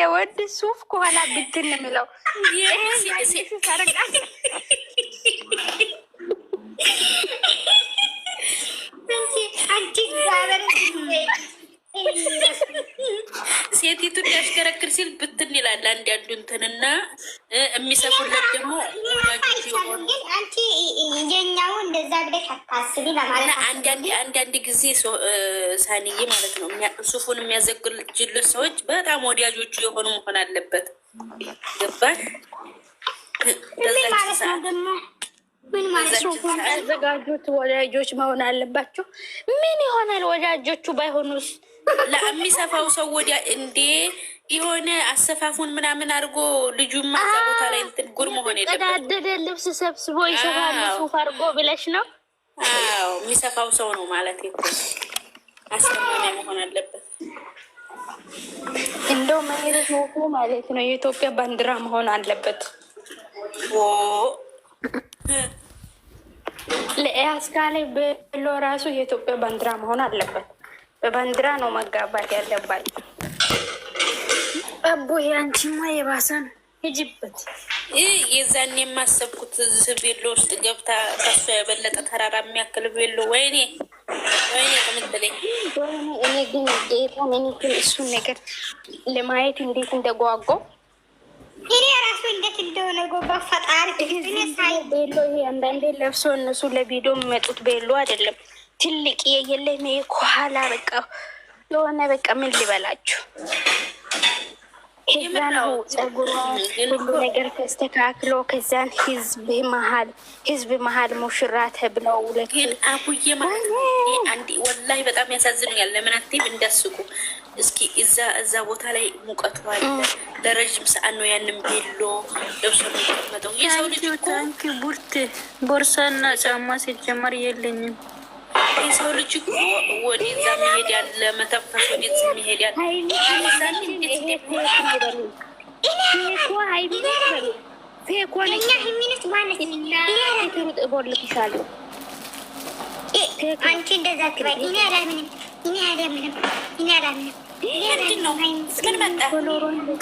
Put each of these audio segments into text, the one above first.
የወንድ ሱፍ ከኋላ ብትን የሚለው ይሄ ሴቲቱን ያሽከረክር ሲል ብትን ይላል። አንድ ያንዱ እንትንና የሚሰፉለት ደግሞ ወዳጆች አንቺ የኛው እንደዛ ብለሽ አታስቢ ለማለት አንዳንድ ጊዜ ሳንዬ ማለት ነው ሱፉን የሚያዘግጅልን ሰዎች በጣም ወዳጆቹ የሆኑ መሆን አለበት። ገባል ማለት ነው ደግሞ ምን ማለት ነው? ወዳጆች መሆን አለባቸው። ምን ይሆናል ወዳጆቹ ባይሆኑስ? ለሚሰፋው ሰው ወዲያ እንዴ የሆነ አሰፋፉን ምናምን አድርጎ ልጁ ማዛ ቦታ ላይ እንትን ጉር መሆን የለበትቀዳደደ ልብስ ሰብስቦ ይሰፋሉ ሱፍ አድርጎ ብለሽ ነው? አዎ የሚሰፋው ሰው ነው ማለት እኮ መሆን አለበት። እንደው መሄደት ሞቶ ማለት ነው የኢትዮጵያ ባንዲራ መሆን አለበት። ለአስካ ላይ ብሎ ራሱ የኢትዮጵያ ባንዲራ መሆን አለበት። በባንዲራ ነው መጋባት ያለባት። አቦ የአንቺማ የባሰ ነው። ሂጂበት። ይህ የዛኔ የማሰብኩት እዚህ ቤሎ ውስጥ ገብታ ከሷ የበለጠ ተራራ የሚያክል ቤሎ። ወይኔ ወይኔ ከምትለኝ እኔ ግን ጌታን እኔ ግን እሱን ነገር ለማየት እንዴት እንደጓጎ ይሄ ራሱ እንዴት እንደሆነ ጎባ ፈጣሪ ቤሎ። ይሄ አንዳንዴ ለብሶ እነሱ ለቪዲዮ የሚመጡት ቤሎ አይደለም። ትልቅ የለም ከኋላ በቃ የሆነ በቃ ምን ሊበላችሁ ከዛ ነው ጸጉሯ ሁሉ ነገር ተስተካክሎ ከዛን ህዝብ መሀል ህዝብ መሀል ሙሽራ ተብለው ሁለት ግን አቡዬ ማለት አንድ ወላሂ በጣም ያሳዝኑኛል። ለምን አትይም እንዳስቁ እስኪ እዛ እዛ ቦታ ላይ ሙቀቱ አለ። ለረዥም ሰዓት ነው ያንም ቤሎ ለብሶ ነው የሚቀመጠው። የሰው ልጅ ቡርት ቦርሳና ጫማ ሲጀመር የለኝም የሰው ልጅ እኮ ወደዛ መሄድ ያለ መተንፈስ ወደዚ መሄድ ያለ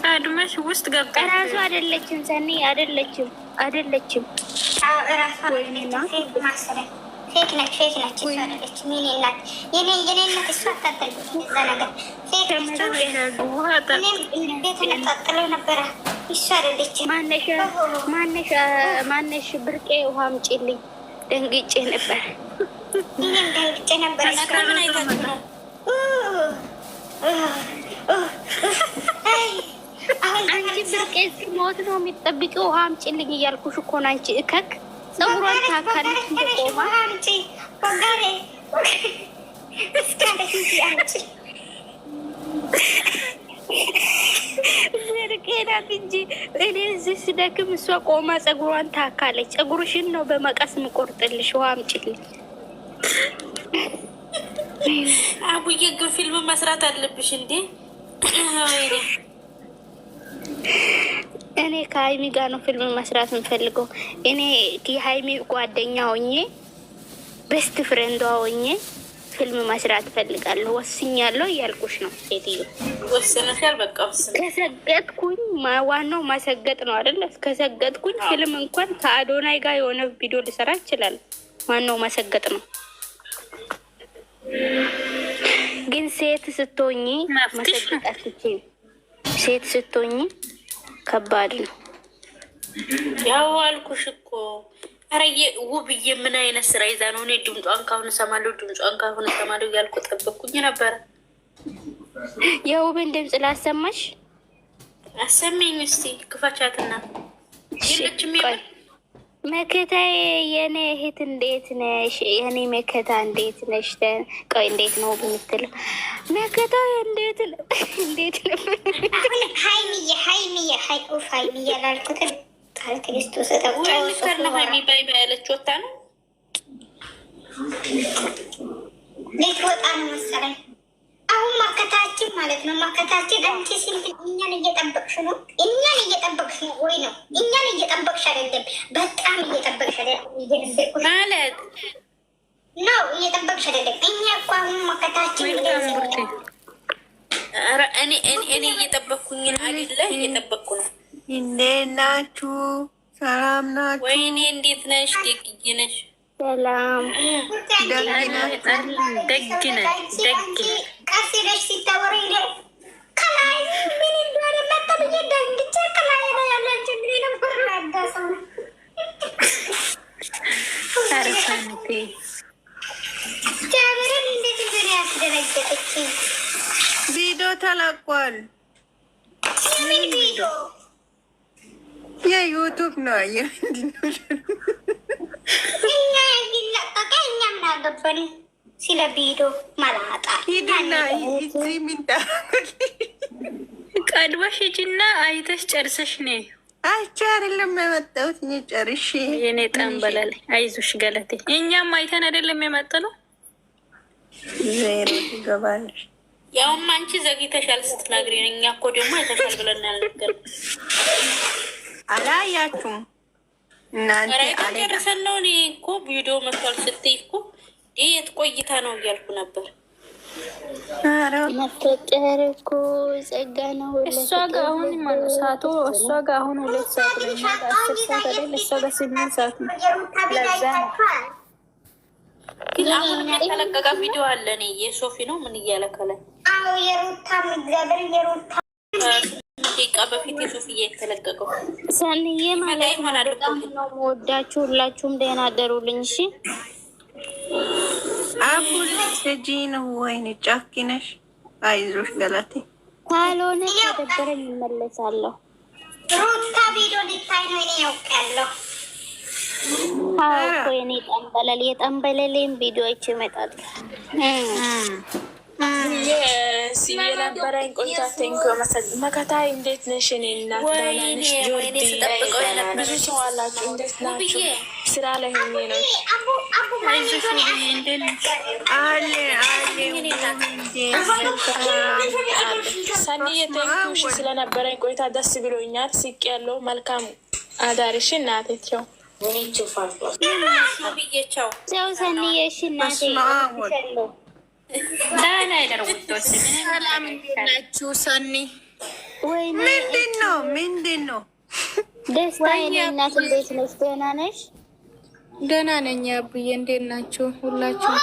ቀድመሽ ውስጥ ገብታ እራሱ አይደለችም፣ ሰኔ አይደለችም፣ አይደለችም ፌክ ነች፣ ፌክ ነች። ይቻለች የኔ እናት የኔ እናት እሱ እዛ ነገር ፌክ ነች። ነበረ። ማነሽ ብርቄ ውሃ አምጪልኝ። ደንግጬ ነበር፣ ደንግጬ ነበር። ነው? አንቺ ብርቄ ስትሞት ነው የሚጠብቂው። ውሃ አምጪልኝ እያልኩሽ እኮ ነው አንቺ እከክ ፀጉሯን ታካለች ቆማ ዘርቄናት እንጂ እኔ እዚህ ስደክም እሷ ቆማ ፀጉሯን ታካለች። ፀጉርሽን ነው በመቀስ ምቆርጥልሽ፣ ውሃ አምጪልኝ። አቡዬ ግን ፊልም መስራት አለብሽ እንዴ? እኔ ከሀይሚ ጋር ነው ፊልም መስራት የምፈልገው። እኔ የሀይሚ ጓደኛ ሆኜ ቤስት ፍሬንዷ ሆኜ ፊልም መስራት ፈልጋለሁ። ወስኛለሁ እያልኩሽ ነው ሴትዮ። ከሰገጥኩኝ፣ ዋናው ማሰገጥ ነው አይደለ? ከሰገጥኩኝ ፊልም እንኳን ከአዶናይ ጋር የሆነ ቪዲዮ ልሰራ ይችላል። ዋናው ማሰገጥ ነው። ግን ሴት ስትሆኝ መሰገጥ አትችይም። ሴት ስትሆኝ ከባድ ነው። ያው አልኩሽ እኮ ኧረ ውብዬ ምን አይነት ስራ ይዛ ነው? እኔ ድምጿን ካሁን እሰማለሁ፣ ድምጿን ካሁን እሰማለሁ እያልኩ ጠበቅኩኝ ነበረ። የውብን ድምፅ ላሰማሽ። አሰሚኝ እስኪ ክፈቻትና የለችም መከታዬ የኔ እህት እንዴት ነሽ? የኔ መከታ እንዴት ነሽ? ቆይ እንዴት ነው ብምትል መከታ እንዴት እንዴት ነው? ሀይሚዬ ሀይሚዬ ሀይቁፍ ሀይሚዬ ላልኩትን ቃል ክርስቶስ ጠውሰር ነው ሀይሚባይ በያለች ወታ ነው ወጣ ነው መሰለኝ። አሁን ማከታችን ማለት ነው ማከታችን አንቺ ስል እኛን እየጠበቅሽ ነው እኛን እየጠበቅሽ ነው ወይ ነው እኛ እየጠበቅሽ አይደለም። በጣም እየጠበቅሽ ማለት ነው። እየጠበቅሽ አይደለም። እኛ እኮ አሁን መከታችን እኔ እየጠበቅኩኝን አይደለ? እየጠበቅኩ ነው። እንዴት ናችሁ? ሰላም ናችሁ? ወይኔ እንዴት ነሽ? ደግዬ ነሽ? ሰላም ደግ ነሽ? ደግ ነሽ? ቀስ ብለሽ ሲታወሪ ከምርም እንዴት ቪዲዮ ተለቋል። የምን ቪዲዮ? የዩቱብ ነው። እኛ እንዲለቀቀ እኛ ምን አገባን? ስለ ቪዲዮ መላጣ ሂድና ቀድመሽ ሂጂና አይተሽ ጨርሰሽ ነይ አይቼ አይደለም የመጣሁት እኔ ጨርሼ የኔ ጠንበላል። አይዞሽ ገለቴ፣ እኛም አይተን አይደለም የመጣ ነው። ዜሮ ትገባለሽ። ያውም አንቺ ዘግይተሻል ስትናግሪ፣ እኛ እኮ ደግሞ አይተሻል ብለናል። ነገር አላያችሁም እናንተ አለ ደርሰን ነው። እኔ እኮ ቪዲዮ መቷል ስትይ እኮ የት ቆይታ ነው እያልኩ ነበር። መፈቀር እኮ ጸጋ ነው። እሷ ጋ አሁን ማለት ሰዓቱ እሷ ጋ አሁን ሁለት ሰዓት ነው። አስር ሰዓት አይደል? እሷ ጋ ስምንት ሰዓት ነው። ለዛ ግን አሁን ያልተለቀቀ ቪዲዮ አለ። እኔ የሶፊ ነው ምን እያለከለ ደቂቃ በፊት የሶፊዬ የተለቀቀው ሰንዬ ማለት ነው። ወዳችሁ ሁላችሁም ደህና አደሩልኝ። እሺ አኩል ሰጂ ነው ወይኔ ጫኪ ነሽ። አይዞሽ ገላቴ ካልሆነ ተደበረኝ እመለሳለሁ። ሩታ ቪዲዮ ልታይ ነው እኔ ያውቃለሁ። አዎ እኮ የኔ ጠንበለል የጠንበለሌም ቪዲዮዎች የነበረኝ ቆይታ ቴንክ መሰል መከታ እንዴት ነሽ? እኔ እናት ብዙ ሰው አላችሁ፣ እንዴት ናችሁ? ስራ ላይ ሆኜ ነው። ሰኒዬ ቴንኪሽ ስለነበረኝ ቆይታ ደስ ብሎኛል። ስቅ ያለው መልካም አዳሪሽ እናቴቸው ሰኒዬ ናችሁ ሰኒ ምንድን ነው ምንድን ነው? ደስታ የእኔ እናት እንዴት ነች ደህና ነሽ? ደህና ነኝ አቡዬ። እንዴት ናችሁ ሁላችሁ?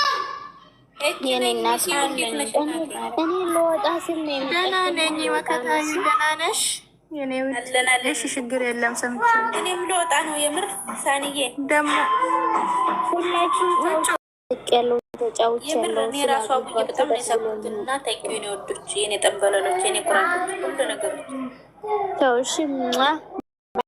የእኔ እናት እኔ ለወጣ ስል ደህና ነኝ መከታዬ። ደህና ነሽ? እሺ ችግር የለም። ሰምቼ እኔም ለወጣ ነው የምር ሳንዬ ደግሞ ሁላችሁ ተጫውቼ ያለው የራሷ ብዬ በጣም ነው